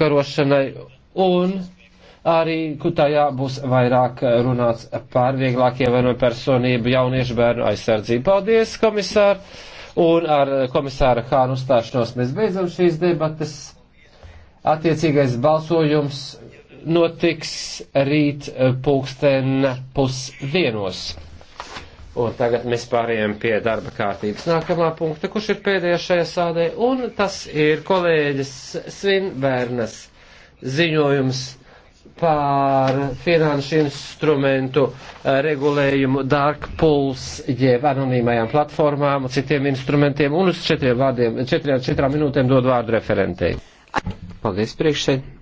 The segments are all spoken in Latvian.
apkarošanai un arī tajā būs vairāk eh, runāts par vieglāk ievainojumu personību jauniešu bērnu aizsardzību. Paldies, komisār! Un ar eh, komisāra Hānu uzstāšanos mēs beidzam šīs debates. Attiecīgais balsojums notiks rīt eh, pulksten pusdienos. Un tagad mēs pārējām pie darba kārtības nākamā punkta, kurš ir pēdējais šajā sādē, un tas ir kolēģis Svinbērnas ziņojums par finanšu instrumentu eh, regulējumu Dark Pulse, jeb anonīmajām platformām un citiem instrumentiem, un uz četriem vārdiem, četriem, četrām minūtēm dod vārdu referentei. Paldies priekšsēd.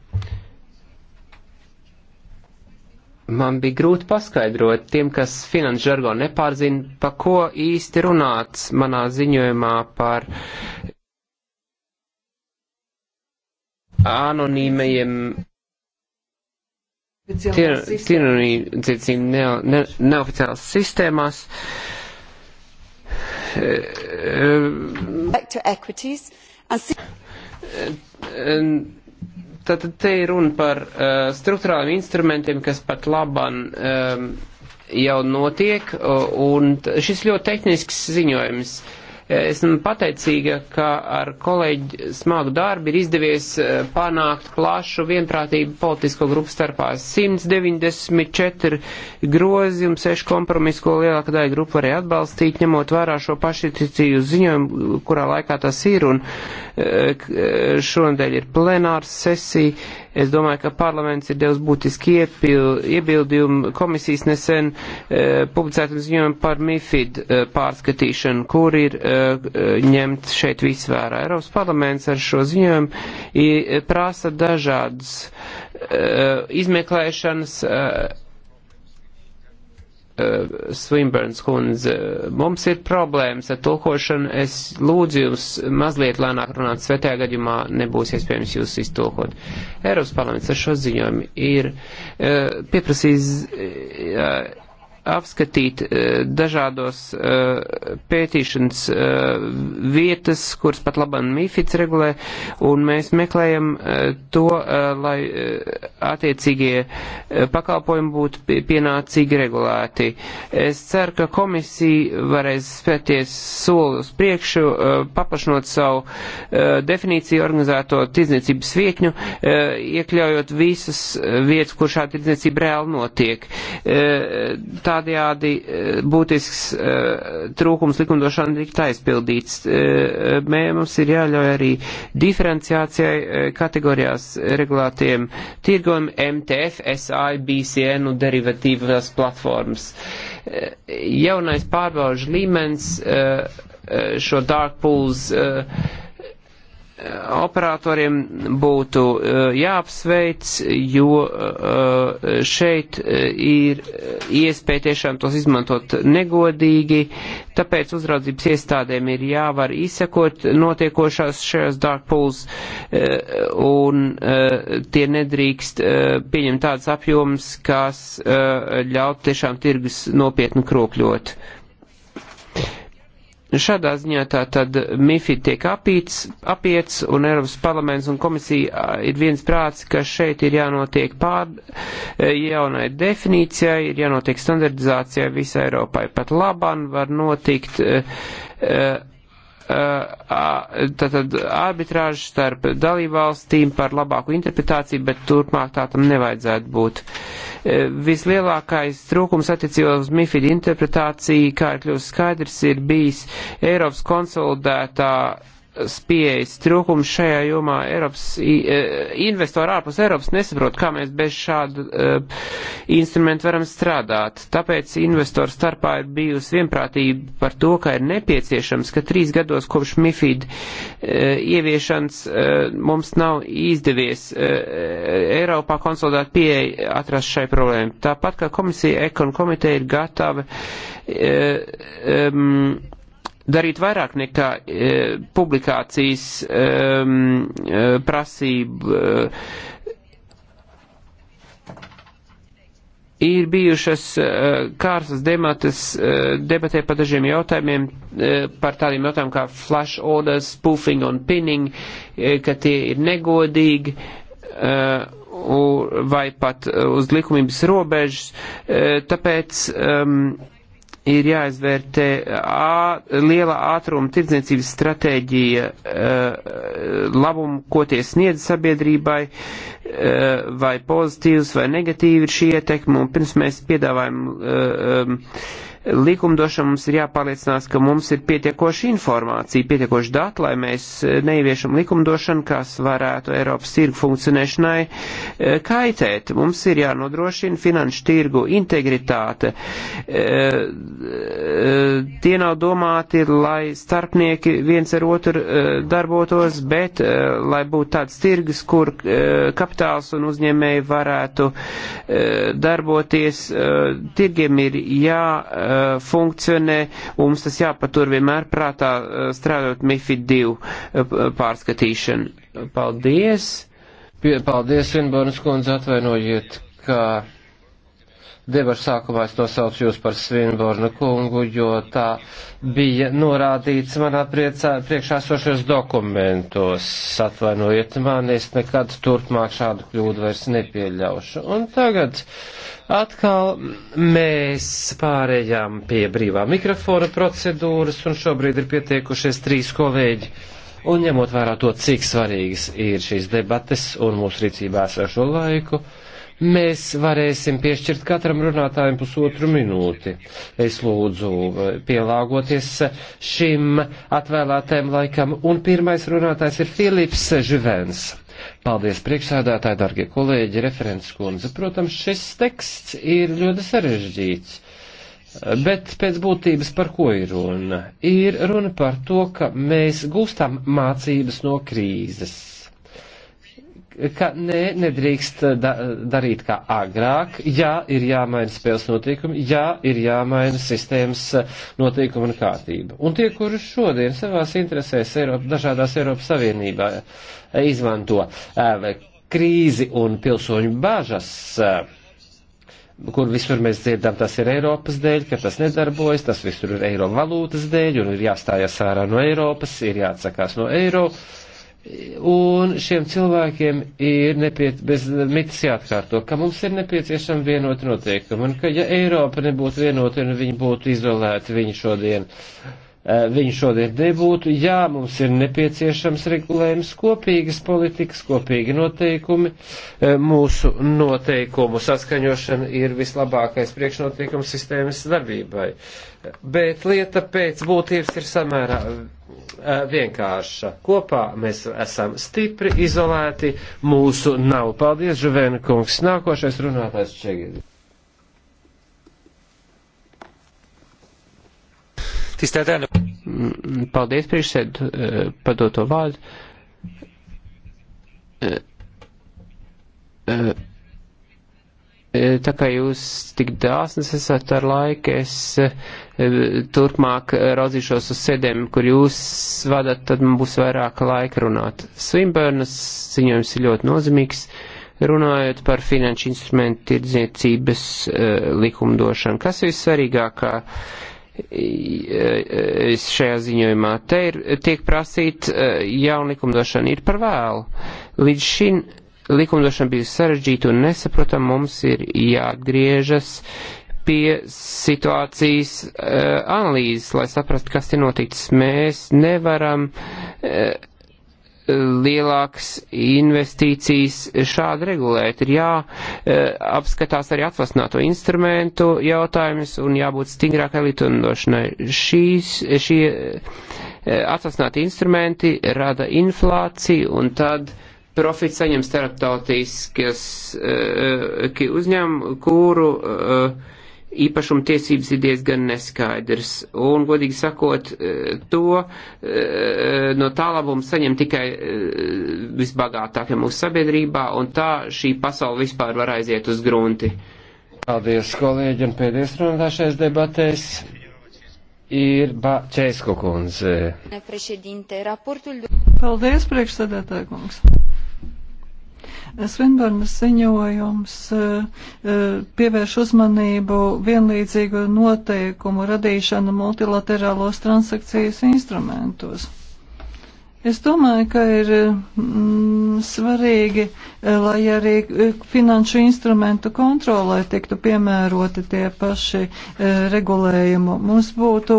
man bija grūti paskaidrot tiem, kas finanšu žargonu nepārzina, pa ko īsti runāts manā ziņojumā par anonīmajiem tirnīcīm ne, ne, neoficiālās sistēmās. Back to equities. And Tātad te ir runa par uh, struktūrāliem instrumentiem, kas pat laban um, eh, jau notiek, un šis ļoti tehnisks ziņojums uh, Esmu pateicīga, ka ar kolēģi smagu darbu ir izdevies eh, panākt plašu vienprātību politisko grupu starpā. 194 grozi un 6 kompromisu, ko lielāka daļa grupa varēja atbalstīt, ņemot vērā šo pašiticīju ziņojumu, kurā laikā tas ir, un eh, eh, šonadēļ ir plenārs sesija Es domāju, ka parlaments ir devis būtiski iebildījumu komisijas nesen e, publicētam ziņojumu par MIFID e, pārskatīšanu, kur ir e, ņemt šeit visu vērā. Eiropas parlaments ar šo ziņojumu prasa dažādas e, izmeklēšanas. E, Eh, Swinburns kundze, mums ir problēmas ar tulkošanu. Es lūdzu jums mazliet lēnāk runāt, svetējā gadījumā nebūs iespējams jūs iztulkot. Eiropas parlaments ar šo ziņojumu ir uh, pieprasījis. Uh, apskatīt eh, dažādos eh, pētīšanas eh, vietas, kuras pat labam MIFIC regulē, un mēs meklējam to, lai attiecīgie pakalpojumi būtu pienācīgi regulēti. Es ceru, ka komisija varēs spēties soli uz priekšu, paplašinot savu definīciju organizēto tirdzniecības vietņu, iekļaujot visas vietas, kur šā tirdzniecība reāli notiek. Tā tādējādi e, būtisks e, trūkums likumdošana tikt aizpildīts. E, mē, mums ir jāļauj arī diferenciācijai kategorijās regulātiem tirgojumi MTF, SI, BCN un derivatīvās platformas. Jaunais pārbaužu līmenis šo dark pools operatoriem būtu eh, jāapsveic, jo eh, šeit eh, ir iespēja tiešām tos izmantot negodīgi, tāpēc uzraudzības iestādēm ir jāvar izsekot notiekošās šajās dark pools un tie nedrīkst pieņemt tādas apjomas, kas ļaut tiešām tirgus nopietni kropļot. Šādā ziņā tā tad MIFID tiek apīts, apiets, un Eiropas parlaments un komisija ir viens prāts, ka šeit ir jānotiek pār e, jaunai definīcijai, ir jānotiek standardizācijai visai Eiropai. Pat laban var notikt. Uh, e, e, tātad arbitrāžu starp dalībvalstīm par labāku interpretāciju, bet turpmāk tā tam nevajadzētu būt. Uh, E, vislielākais trūkums attiecībā uz MIFID interpretāciju, kā ir kļūst skaidrs, ir bijis Eiropas konsolidētā pieejas trūkums šajā jomā Eiropas, e, investori ārpus Eiropas nesaprot, kā mēs bez šāda uh, e, instrumenta varam strādāt. Tāpēc investoru starpā ir bijusi vienprātība par to, ka ir nepieciešams, ka trīs gados kopš MIFID uh, ieviešanas uh, mums nav izdevies Eiropā konsolidēt pieeja atrast šai problēmai. Tāpat kā komisija ekon komiteja ir gatava um, darīt vairāk nekā e, publikācijas e, prasību. E, ir bijušas e, kārsas debatas, e, debatē par dažiem jautājumiem, e, par tādiem jautājumiem kā flash orders, spoofing un pinning, ka tie ir negodīgi vai pat uz likumības robežas. Tāpēc um, ir jāizvērtē ā, liela ātruma tirdzniecības stratēģija labumu, ko tie sniedz sabiedrībai, vai pozitīvs vai negatīvi ir šī ietekme, un pirms mēs piedāvājam likumdošana mums ir jāpārliecinās, ka mums ir pietiekoša informācija, pietiekoši dati, lai mēs eh, neieviešam likumdošanu, kas varētu Eiropas tirgu funkcionēšanai eh, kaitēt. Mums ir jānodrošina finanšu tirgu integritāte. Eh, tie nav domāti, lai starpnieki viens ar otru darbotos, bet lai būtu tāds tirgus, kur kapitāls un uzņēmēji varētu darboties. Tirgiem ir jā Eh, funkcionē, un mums tas jāpatur vienmēr prātā eh, strādājot MIFID 2 eh, pārskatīšanu. Paldies! Paldies, Vinbornas kundze, atvainojiet, ka debašu sākumā es nosaucu jūs par Svinbornu kungu, jo tā bija norādīts manā priecā, priekšā sošos dokumentos. Atvainojiet mani, es nekad turpmāk šādu kļūdu vairs nepieļaušu. Un tagad atkal mēs pārējām pie brīvā mikrofona procedūras, un šobrīd ir pietiekušies trīs kolēģi. Un ņemot vērā to, cik svarīgas ir šīs debates un mūsu rīcībā esošo laiku, uh, mēs varēsim piešķirt katram runātājiem pusotru minūti. Es lūdzu eh, pielāgoties šim atvēlētajam laikam, un pirmais runātājs ir Filips Živens. Paldies priekšsēdētāji, dargie kolēģi, referents kundze. Protams, šis teksts ir ļoti sarežģīts, bet pēc būtības par ko ir runa? Ir runa par to, ka mēs gūstam mācības no krīzes ka nē, nedrīkst da, darīt kā agrāk, jā, ir jāmaina spēles noteikumi, jā, ir jāmaina sistēmas noteikumi un kārtība. Un tie, kuri šodien savās interesēs Eiropa, dažādās Eiropas Savienībā eh, izmanto eh, krīzi un pilsoņu bāžas, eh, kur visur mēs dzirdam, tas ir Eiropas dēļ, ka tas nedarbojas, tas visur ir eiro valūtas dēļ un ir jāstājas ārā no Eiropas, ir jāatsakās no Eiropas Un šiem cilvēkiem ir nepiec, bez mitas jāatkārto, ka mums ir nepieciešama vienota noteikuma, un ka ja Eiropa nebūtu vienota un viņi būtu izolēti, viņi šodien uh, Eh, viņu šodien nebūtu. Jā, mums ir nepieciešams regulējums, kopīgas politikas, kopīgi noteikumi. Eh, mūsu noteikumu saskaņošana ir vislabākais priekšnoteikums sistēmas darbībai. Bet lieta pēc būtības ir samērā eh, vienkārša. Kopā mēs esam stipri, izolēti, mūsu nav. Paldies, Žuvēna kungs. Nākošais runātājs Čegedi. Tisztelt elnök! Mm, paldies, priekšsēd, eh, par doto vārdu. Eh, eh, tā kā jūs tik dāsnas esat ar laiku, es turpmāk raudzīšos uz sēdēm, kur jūs vadat, tad man būs vairāk laika runāt. Svimbērnas ziņojums ir ļoti nozīmīgs runājot par finanšu instrumentu tirdzniecības uh, likumdošanu. Kas ir svarīgākā šajā ziņojumā. Te ir, tiek prasīt e, jauna likumdošana, ir par vēlu. Līdz šim likumdošana bija sarežģīta un nesaprotam, mums ir jāatgriežas pie situācijas uh, analīzes, lai saprastu, kas ir noticis. Mēs nevaram uh, lielākas investīcijas šādi regulēt. Ir jāapskatās e, arī atvasināto instrumentu jautājums un jābūt stingrākai litundošanai. Šīs, šie e, atvasināti instrumenti rada inflāciju un tad profits saņem starptautiskas e, uzņēmumu, kuru uh, īpašuma tiesības ir diezgan neskaidrs. Un, godīgi sakot, e, to e, no tā labuma saņem tikai e, visbagātākie mūsu sabiedrībā, un tā šī pasaule vispār var aiziet uz grunti. Paldies, kolēģi, un pēdējais runātāšais debatēs ir Bačēsko kundze. Paldies, priekšsēdētāja kungs. Svinbarnas ziņojums eh, eh, pievērš uzmanību vienlīdzīgu noteikumu radīšanu multilaterālos transakcijas instrumentos. Es domāju, ka ir mm, svarīgi, eh, lai arī finanšu instrumentu kontrolē tiktu piemēroti tie paši e, regulējumi. Mums būtu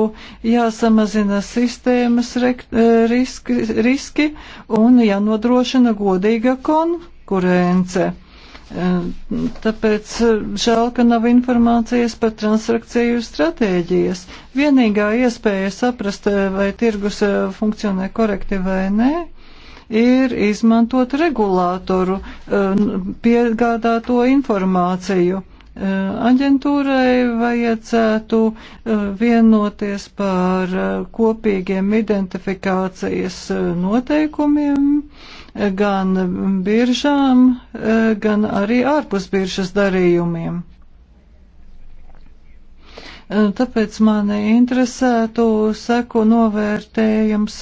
jāsamazina sistēmas re, riski, riski un jānodrošina godīga kontrola konkurence. Tāpēc eh, žēl, ka nav informācijas par transakciju stratēģijas. Vienīgā iespēja saprast, eh, vai tirgus eh, funkcionē korekti vai nē, ir izmantot regulātoru piegādāto informāciju. Aģentūrai vajadzētu vienoties par kopīgiem identifikācijas noteikumiem gan biržām, gan arī ārpus biržas darījumiem. Tāpēc mani interesētu seku novērtējums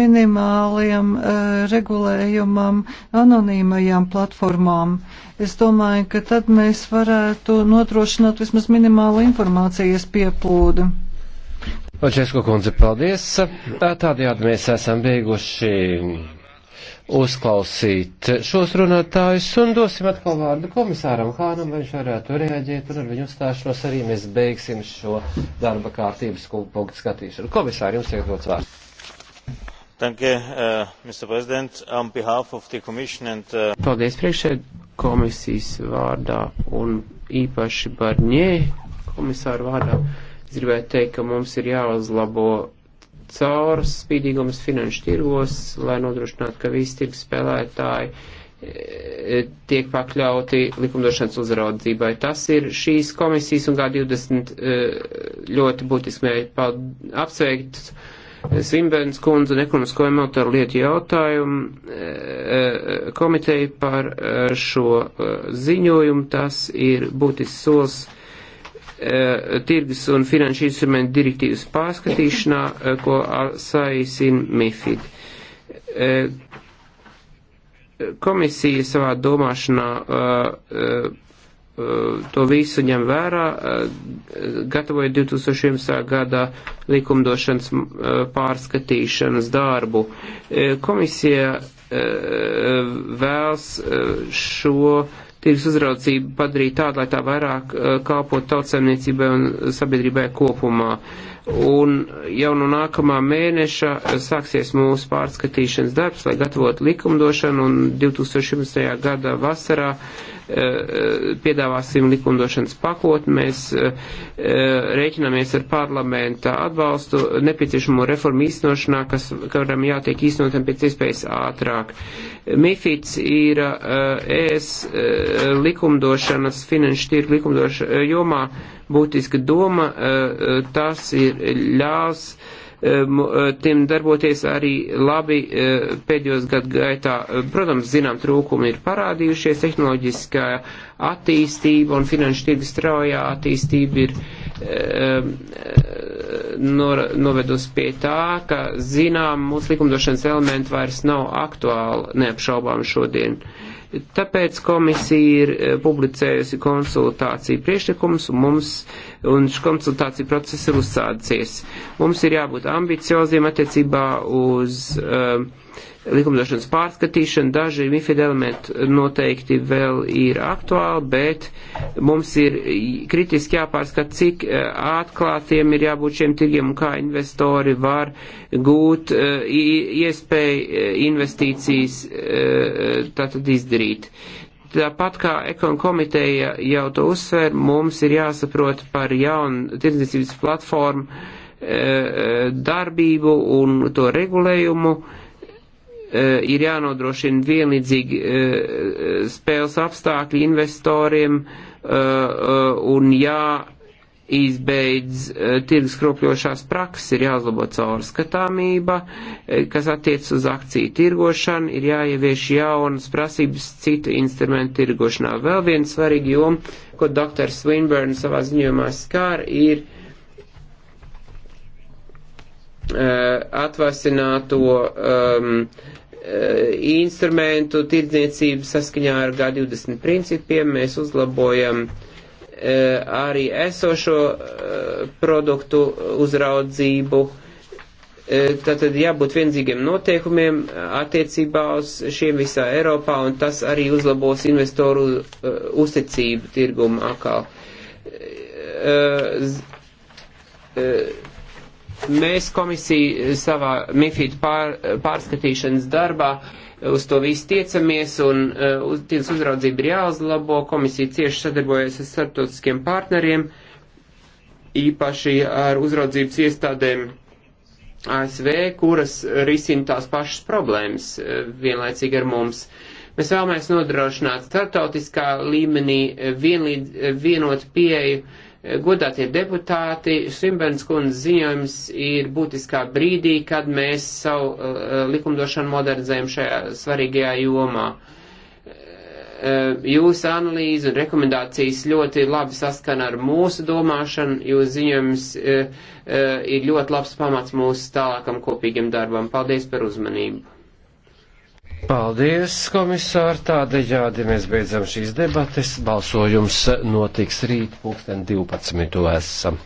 minimāliem eh, regulējumam anonīmajām platformām. Es domāju, ka tad mēs varētu nodrošināt vismaz minimālu informācijas pieplūdi. Očesko kundze, paldies. Tādējādi mēs esam beiguši uzklausīt šos runātājus un dosim atkal vārdu komisāram Hānam, lai viņš varētu reaģēt un ar viņu uzstāšanos arī mēs beigsim šo darba kārtības punktu skatīšanu. Komisāri, jums tiek dots vārds. Thank you, uh, Mr. President. On behalf of the Commission and... Uh... Paldies priekšēd komisijas vārdā un īpaši Barņē komisāru vārdā. Es gribētu teikt, ka mums ir jāuzlabo caurspīdīgums finanšu tirgos, lai nodrošinātu, ka visi tirgus spēlētāji e, tiek pakļauti likumdošanas uzraudzībai. Tas ir šīs komisijas un G20 e, ļoti būtiski mērķi apsveikt. Svimbērns kundze un ekonomisko emotoru lietu jautājumu e, komiteju par šo ziņojumu. Tas ir būtisks solis Eh, tirgus un finanšu instrumentu direktīvas pārskatīšanā, eh, ko saīsina MIFID. Eh, komisija savā domāšanā to visu ņem vērā, gatavoja 2011. gadā likumdošanas pārskatīšanas darbu. Komisija vēlas šo tirgus uzraudzību padarīt tādu, lai tā vairāk uh, kalpot tautsēmniecībai un sabiedrībai kopumā. Un jau no nākamā mēneša uh, sāksies mūsu pārskatīšanas darbs, lai gatavotu likumdošanu un 2011. gada vasarā Eh, piedāvāsim likumdošanas pakotni, mēs eh, eh, rēķinamies ar parlamenta atbalstu nepieciešamo reformu īstenošanā, kas, kuram jātiek īstenotam pēc iespējas ātrāk. MIFIDS ir ES likumdošanas, finanšu tīrgu likumdošanas jomā būtiska doma, tas ir ļās Eh, eh, tiem darboties arī labi eh, pēdējos gadu gaitā. Protams, zinām, trūkumi ir parādījušies, tehnoloģiskā attīstība un finanšu tirgus straujā attīstība ir nor, novedus pie tā, ka zinām, mūsu likumdošanas elementi vairs nav aktuāli neapšaubām šodien. Uh, Tāpēc komisija ir eh, publicējusi konsultāciju priekšlikumus un mums un šis konsultāciju process ir uzsācies. Mums ir jābūt ambicioziem attiecībā uz uh, likumdošanas pārskatīšanu. Daži MIFID elementi noteikti vēl ir aktuāli, bet mums ir kritiski jāpārskat, cik uh, atklātiem ir jābūt šiem tirgiem un kā investori var gūt uh, iespēju investīcijas uh, tātad izdarīt izdarīt. Tāpat kā ekon komiteja jau to uzsver, mums ir jāsaprot par jaunu tirdzniecības platformu e, darbību un to regulējumu, e, ir jānodrošina vienlīdzīgi e, spēles apstākļi investoriem un jā izbeidz eh, tirgus kropļošās prakses, ir jāuzlabo caurskatāmība, eh, kas attiec uz akciju tirgošanu, ir jāievieš jaunas prasības citu instrumentu tirgošanā. Vēl viena svarīga joma, ko dr. Swinburne savā ziņojumā skār, ir eh, atvasināto um, ehm, instrumentu tirdzniecību saskaņā ar G20 principiem. Mēs uzlabojam uh, E, arī esošo e, produktu uzraudzību. E, tātad jābūt vienzīgiem noteikumiem attiecībā uz šiem visā Eiropā, un tas arī uzlabos investoru uzticību tirgumu atkal. Mēs komisiju savā MIFID pār, pārskatīšanas darbā uh, uz to visu tiecamies un uh, tiesas uzraudzība ir jāuzlabo, komisija cieši sadarbojas ar starptautiskiem partneriem, īpaši ar uzraudzības iestādēm ASV, kuras risina tās pašas problēmas uh, vienlaicīgi ar mums. Mēs vēlamies nodrošināt starptautiskā līmenī vienlīdz, uh, vienotu pieeju uh, Godātie deputāti, Šimbērns kundze ziņojums ir būtiskā brīdī, kad mēs savu uh, likumdošanu modernizējam šajā svarīgajā jomā. Uh, jūsu analīze un rekomendācijas ļoti labi saskana ar mūsu domāšanu, jūsu ziņojums uh, uh, ir ļoti labs pamats mūsu tālākam kopīgam darbam. Paldies par uzmanību! Paldies, komisār. Tādējādi mēs beidzam šīs debates. Balsojums notiks rīt, pulksten 12. esam.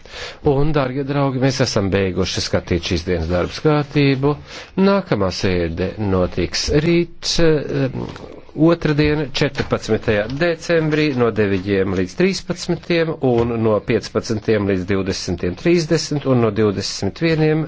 Un, dārgie draugi, mēs esam beiguši skatīt šīs dienas darbas kārtību. Nākamā sēde notiks rīt, um, otrdien, 14. decembrī, no 9. līdz 13. un no 15. līdz 20.30 un no 21.